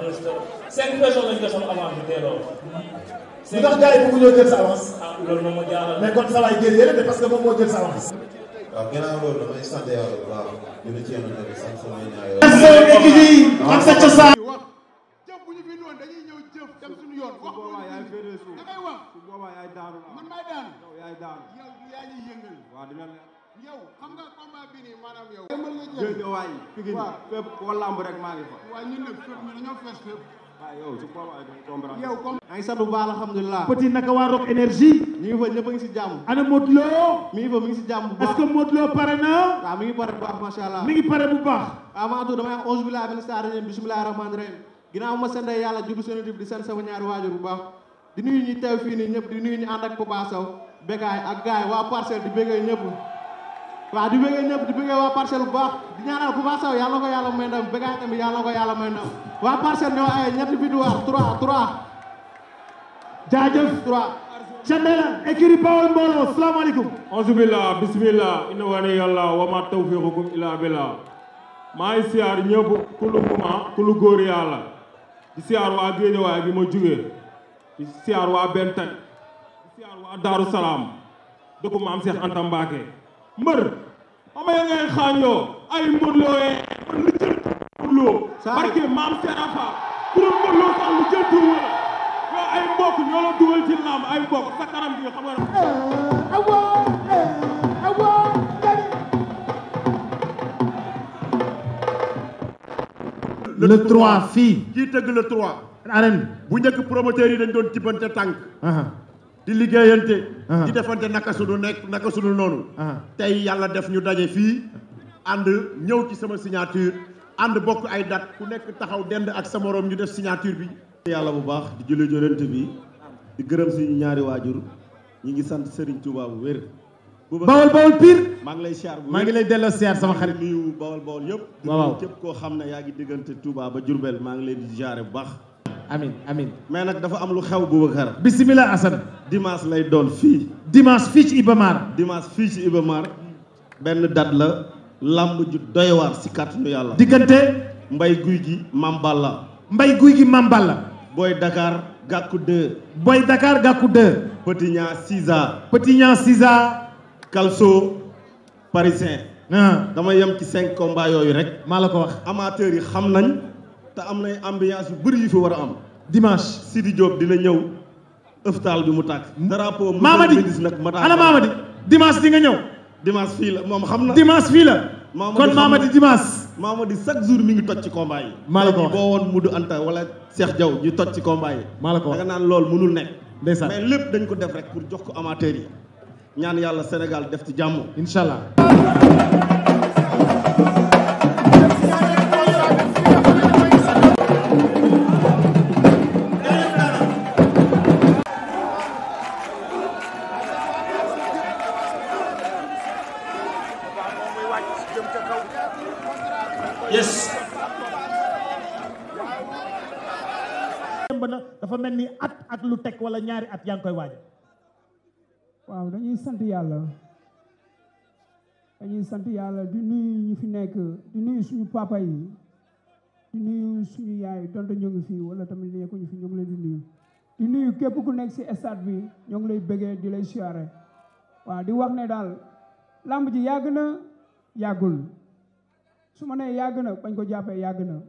ministre cinq personnes lañ ko soxla avance bi teeloo. cinq ndax gars yi bëgguñoo jël sa avance. ah loolu moom moo jaaxal. mais kon sa waay jël yéen parce que moom moo jël sa avance. waaw ginnaaw loolu damay sant yàlla bu baax dina ci yéen a nekk sant sama ñaar ak sa cosaan. jëf bu ñu fi noonu dañuy ñëw jëf dem suñu yoon wax da ngay wax man maay daanu yow yaay daanu yow yaa ñuy yëngal yow xam nga combat bi nii maanaam yow. demal nga jël jël waay rek maa ngi fa. maa ngi sant bu baax alhamdulilah. petit naka waa Rock énergie. ñu ngi fa ñëpp a ngi si jàmm. ana Modou Lo. mi ngi fa mi ngi si jàmm bu baax est-ce que Modou Lo pare na. waaw mi ngi pare bu baax bu baax. ginnaaw ma sant yàlla jublu seen di sant sama ñaari waajur bu baax di nuyu ñu teew fii nii ñëpp di nuyu ñu ànd ak Papa Sow ak gaay waa parcelle di bégay ñëpp waaw di bëggee ñëpp di bëggee waa parcelle bu baax di ñaanal Papa Sow yàlla ko yàlla may ndam bëggaay tamit yàlla ko yàlla may ndam waa parcelle ñoo ay ñetti bidouwaar 3 3 jaajëf 3 candela écurie Bawol mbooloo salaamaaleykum ansubillah bisimillah inna wani yàlla wama tawfiqukum illa billah maa ngi siyaar ñëpp ku lu muma ku lu góor yàlla di siyaar waa Géejawaay gi ma jugee di siyaar waa Bentag di siyaar waa Daaru ama ya ngay xaañoo ay mbodlooyee kon lu jël mbodloo barke maam serafa pour mbodloo sax lu jël duwa yow ay mbokk ñoo la dugal ci lamb ay mbokk sa kanam bi xam nga eh, awa eh, le 3 fii. kii tëgg le 3. arène bu njëkk promoteur yi dañ doon tibbante tànk. di liggéeyante ah. di defante naka sunu nekk naka sunu noonu ah. tey yàlla def ñu daje fii ànd ñëw ci sama signature ànd bokk ay dat ku nekk taxaw dend ak sa morom ñu def siñaatur bi te yàlla bu baax di julli jolente bi di gërëm suñu ñaari waajur ñi ngi sant Serigne Touba bu wér bawol bawol pire maa ngi lay siyaar bu maa ngi lay delloo siyaar sama xarit nuyu bawol bawol yëpp waaw képp koo xam ne yaa ngi diggante Touba ba Jurbel maa ngi leen di jaare bu baax amin amin mais nag dafa am lu xew Boubacar bisimilah Assane dimanche lay doon fii dimanche fii ci Ibamar dimanche fii ci Ibamar benn date la lamb ju doy waar si kàttanu yàlla diggante mbay guy gi mamballa mbay guy gi mamballa booy Dakar gàkku 2 booy Dakar gàkku 2 Petit Niang Sisa Petit Niang Sisa Calcio parisien ah. dama yem ci cinq combats yooyu rek maa la ko wax amateurs yi xam nañ te am nay ambiance yu bëri yu fi war a am. dimanche Sidi Diop dina ñëw ëftaal bi mu tàkk. drapeau Mamadi nag ma ana Mamadi dimanche nga ñëw. dimanche fii la moom xam na. dimanche fii la. kon Mamadi dimanche. Mamadi chaque jour mi ngi toj ci combat yi. maa la ko wax boo woon Modou Anta wala Cheikh Diaw ñu toj ci combat yi. maa la ko wax naan loolu mënul nekk. ndeysaan mais lépp dañ ko def rek pour jox ko amateurs yi. ñaan yàlla Sénégal def ci jàmm. incha allah. yes. dafa mel ni at ak lu teg wala ñaari at yaa ngi koy waaj. waaw dañuy sant yàlla dañuy sant yàlla di nuyu ñu fi nekk di nuyu suñu papa yi di nuyu suñu yaay donte ñu ngi fi wala tamit nekkuñu fi ñu ngi leen di nuyu. di nuyu képp ku nekk ci stade bi ñu ngi lay bëggee di lay siyaare waaw di wax ne daal làmb ji yàgg na yàggul. su ma nee yàgg na bañ ko jàppee yàgg na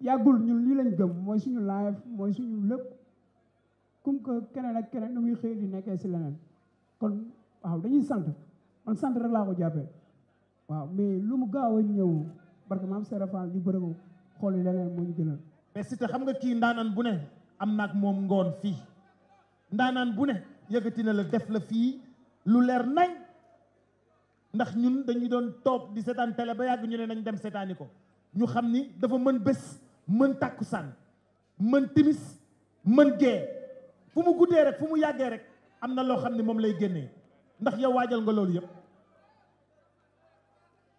yàggul ñun lii leen gëm mooy suñu live mooy suñu lépp comme que keneen ak keneen nu muy xëy di nekkee si leneen kon waaw dañuy sant man sant rek laa ko jàppee waaw mais lu mu gaaw a ñëw parce que maam Serap Fall ñu bëri ko xool leneen moo ñu gënal. mais si te xam nga kii ndaanaan bu ne am naag moom ngoon fii ndaanaan bu ne yëkkati na la def la fii lu leer nañ. ndax ñun dañu doon toog di seetaan télé ba yàgg ñu ne nañ dem seetaani ko ñu xam ni dafa mën bés mën tàkkusaan mën timis mën gee fu mu guddee rek fu mu yàggee rek am na loo xam ne moom lay génnee ndax yow waajal nga loolu yëpp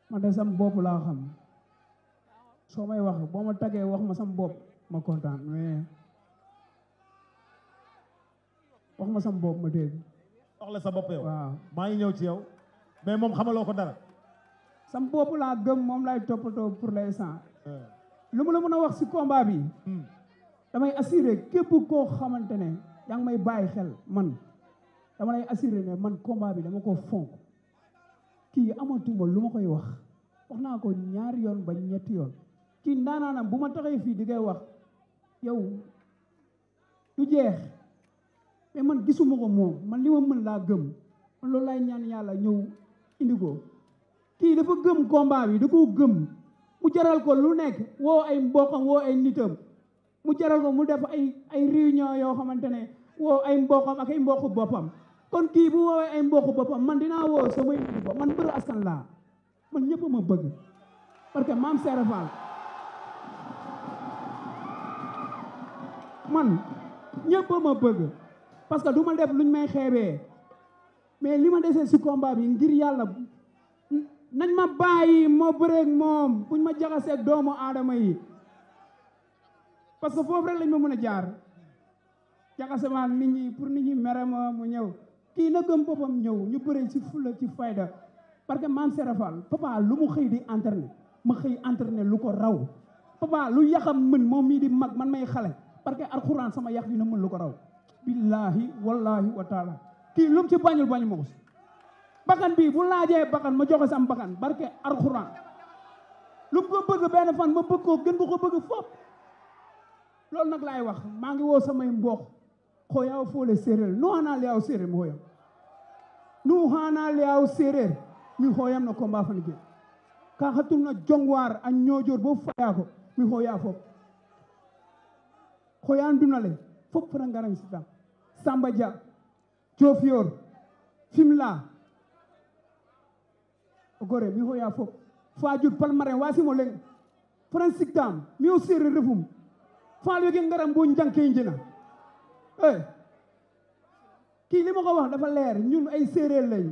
man de sam bopp laa xam soo may wax boo ma tagee wax ma sam bopp ma kontaan mais wax ma sam bopp ma dégg wax la sa bopp waaw maa ngi ñëw ci yow mais moom xamaloo ko dara. sam bopp laa gëm moom laay toppatoo pour l'instant. Euh. lu mu la mën a wax si combat bi. Hmm. damay assuré képp koo xamante ne yaa may bàyyi xel man dama lay assuré ne man combat bi dama ko fonk kii amatuma lu ma koy wax wax naa ko ñaari yoon ba ñetti yoon kii ndaanaanam bu ma taxee fii di koy wax yow du jeex mais man gisuma ko moom man li ma mën laa gëm man loolu laay ñaan yàlla ñëw. indi ko kii dafa gëm combat bi da koo gëm mu jaral ko lu nekk woo ay mboqam woo ay nitam mu jaral ko mu def ay ay réunion yoo xamante ne woo ay mboqam ak ay mboqu boppam kon kii bu woowee ay mboqu boppam man dinaa woo samay nit bopp man mbëru askan laa man ñëpp ma bëgg parce que maam Serre Fall que du ma def luñ may xeebee mais li ma desee si combat bi ngir yàlla nañ ma bàyyi ma bëreeg moom kuñ ma jaxaseeg doomu aadama yi parce que foofu rek lañ ma mën a jaar jaxasemaak nit ñi pour nit ñi mere ma mu ñëw kii na gëm boppam ñëw ñu bëree ci fulla ci fayda parce que maam serafal papa lu mu xëy di entraîné ma xëy entraîné lu ko raw papa lu yaxam mën moom mii di mag man may xale parce que alxuraan sama yax dina mën lu ko raw billaahi wallaahi wa taala kii lu mu ci bañul bañu ma bakkan bii bu laajee bakkan ma joxe sam bakkan barke alxuraan lu ko bëgg benn fan ma bëgg ko gën bu ko bëgg fopp loolu nag laay wax maa ngi woo samay mbokk xoo yaw foole séeréer nu nu xanaa leyaw séeréer mi xooyam na combat fan ke ka xatum na jongwaar a ñoojoor bo faya ko mi xooya fop xooya ndunale fop fana ngaran sitam Samba Dia Diofior Fimela o gore mi hoya fof fajut palmarin wasimo leng francic tam mi o séeréer refum faaloge ngaram bo njangke njina e eh. kii li ma ko wax dafa leer ñun ay séeréer lañ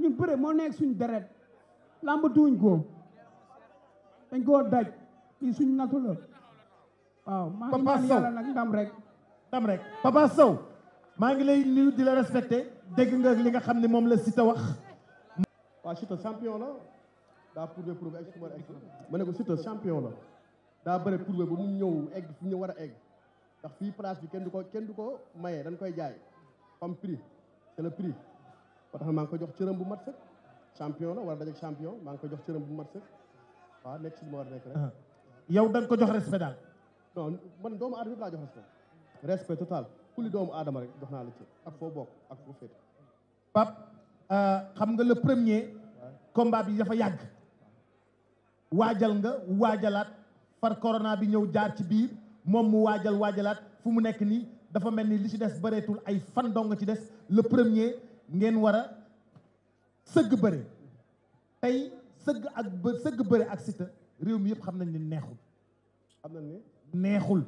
ñun bëre moo nekk suñ deret làmbatuwuñ ko dañ koo daj kii suñ natu la waaw maa ngi ñaan nag ndam rek ndam rek Papa maa ngi lay nuyu di la respecté dégg nga li nga xam ne moom la Siteu wax. waaw Siteu champion la daa prouvé prouvé egg fu war a egg ne ko Siteu champion la daa bëre prouvé ba mu ñëw egg fu ñu war a egg ndax fii place bi kenn du ko kenn du ko maye dañ koy jaay comme prix c'est le prix. ba tax maa ngi ko jox cëram bu mat sëkk champion la war a dajeeg champion maa ngi koy jox cëram bu mat sëkk waaw nekk si li ma yow da ko jox respect daal. non man doomu aadama laa jox respect respect total. kulli doomu aadama rek jox naa la ci ak foo bokk ak foo féete Pape euh, xam nga le premier combat bi dafa yàgg waajal nga waajalaat far corona bi ñëw jaar ci biir moom mu waajal waajalaat fu mu nekk nii dafa mel ni li ci des bareetul ay fan dong ci des le premier ngeen war a sëgg bëre tey sëgg ak sëgg bëre ak Siteu réew mi yëpp xam nañ ne neexul neexul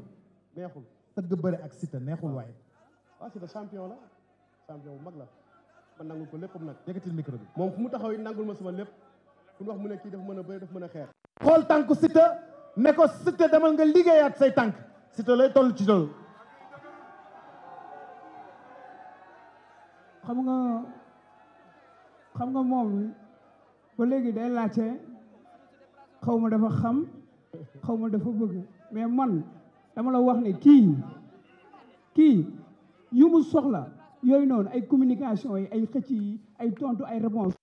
neexul tëgg bëre ak Siteu neexul waaye. waaw ah, Siteu champion la champion bu mag la ma nangul ko léppam nag. yëkkatil micro bi moom fu mu taxaw it nangul ma sama lépp fu ñu wax mu ne kii dafa mën a bëre dafa mën a xeex. xool tànku Siteu ne ko nga liggéeyaat say tànk Siteu lay toll ci loolu. nga xam nga moom léegi day laajte xaw ma dafa xam xaw ma dafa bëgg mais man. dama la wax ne kii kii yu soxla yooyu noonu ay communication yi ay xëcc yi ay tontu ay réponse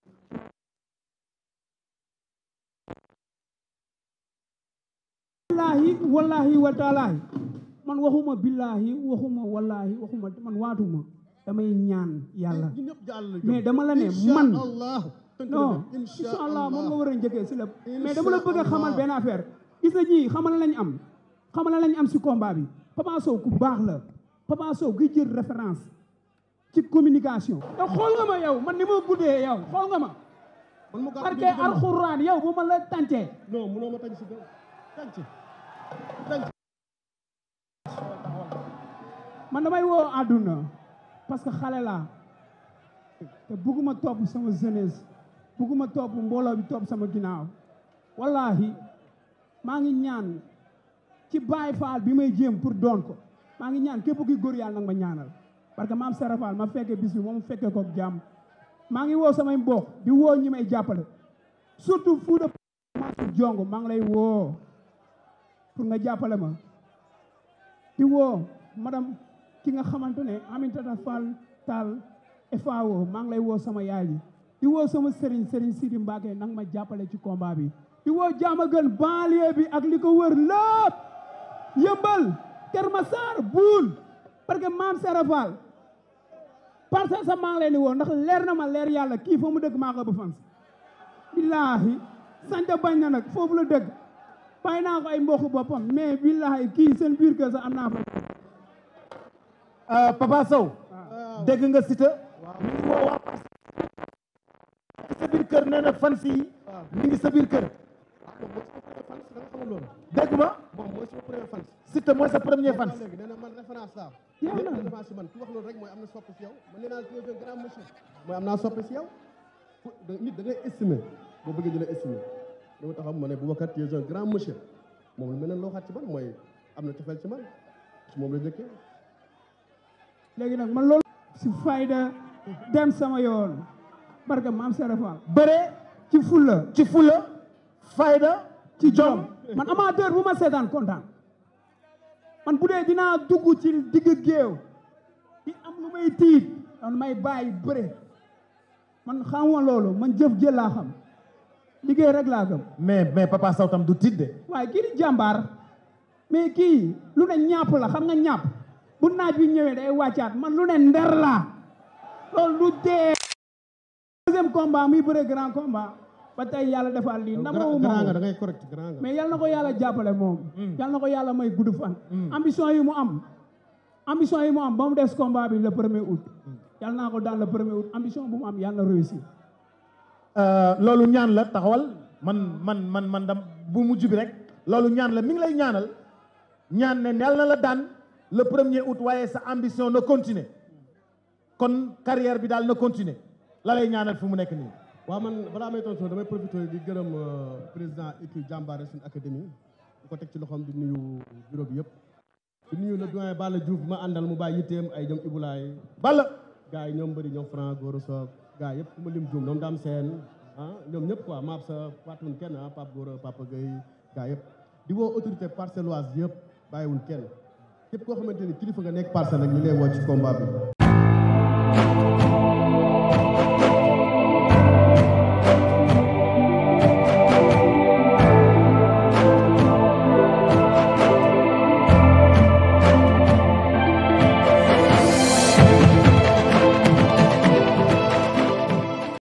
wallaahi wallaahi wa taalaahi man waxuma billaahi waxuma wallaahi waxuma man waatuma damay ñaan yàlla mais dama la ne man non incha allah moom nga war a njëkkee si lépp mais dama la bëgg a xamal benn affaire gis na ñii xamal lañ am xam nga lañ am si combat bi Papa Sow ku baax la Papa Sow gi jël référence ci communication. te xool nga ma yow man ni ma guddee yow xool nga ma. ma parce que alxuraan yow bu ma la tàncee. non munoo ma tànc si tànc tànc. man damay woo àdduna parce que xale laa te bëgguma topp sama jeunesse bëgguma topp mbooloo bi topp sama ginnaaw wallaahi maa ngi ñaan. ci Baye Fall bi may jéem pour doon ko maa ngi ñaan képp ki góor yàlla nag ma ñaanal parce que maam Sara Fall ma fekke bis bi moom fekke ko jàmm maa ngi woo samay mbokk di woo ñi may jàppale surtout Fouta Mansour maa ngi lay woo pour nga jàppale ma di woo madame ki nga xamante ne Aminata Fall Tall FAO maa ngi lay woo sama yaay ji di woo sama Serigne Serigne Sidi Mbacke nang ma jàppale ci combat bi di woo Diamaguène banlieue bi ak li ko wër lépp Yeumbeul Keur Massar Boul que maam Serap Fall sa maa leen di woo ndax leer na ma leer yàlla kii fa mu dëkk maa ko bu fan billaahi sante bañ na nag foofu la dëkk bàyyi naa ko ay mbokk boppam mais billaahi kii seen biir kër sa am naa fa euh, Papa Sow nga Siteu mi ngi woo kër dégg ma moom mooy sama premier fan Siteu mooy sa premier fan léegi nee na man référence la référence si man ki wax loolu rek mooy am na soppi si yow man nee naa tu es un mooy am naa soppi si da ngay estimer boo bëggee ma ne Boubacar moom lu mel ne loo ci man mooy am na cofeel ci man su moom la njëkkee léegi nag man loolu si fayda dem sama yoon barka maam Serapha bëre ci fulla ci fulla fayda ci jom man amateur bu ma seetaan kontaan man bu dee dinaa dugg ci digg géew di am lu may tiit am lu may bàyyi bëre man xamuma loolu man jëf jël xam liggéey rek laa gëm. mais mais papa Sow tam du tiit de. waaye kii di jàmbaar mais kii lu ne ñàpp la xam nga ñàpp bu naaj bi ñëwee day wàccaat man lu ne nder laa loolu du tee. deuxième combat muy bëre grand combat. ba tey yàlla defaat lii namoo moom da ngay correct mais yàlla na ko yàlla jàppale moom mm. yàlla na ko yàlla may gudd fan mm. ambition yi mu am ambition yi mu am ba mu des combat bi le premier août mm. yàlla naa ko daan le premier août ambition bu mu am yàlla na réussir euh, loolu ñaan la taxawal man man man man dam bu mujj bi rek loolu ñaan la mi ngi lay ñaanal ñaan ne neel na la daan le premier août waaye sa ambition na continuer kon carrière bi daal na continuer la ñaanal fu mu nekk nii waaw man balaa may tontu damay profité di gërëm euh, président équipe jàmbaare suñu académie bu ko teg ci loxoom di nuyu bureau bi yëpp di nuyu le doyen Balla Diouf ma àndal mu bàyyi yitteem ay ñoom Ibulaay bala gars yi ñoom bëri ñoom Franc Goro Soog gars yëpp ku ma lim juum ñoom Dame Sène ah ñoom ñëpp quoi maab sa fàttewuñ kenn ah Pape Goro Papa Gueye gars yëpp di woo autorité parcelloise yëpp bàyyiwul kenn képp koo xamante ni kilifa nga nekk parcelle rek ñu lay woo ci combat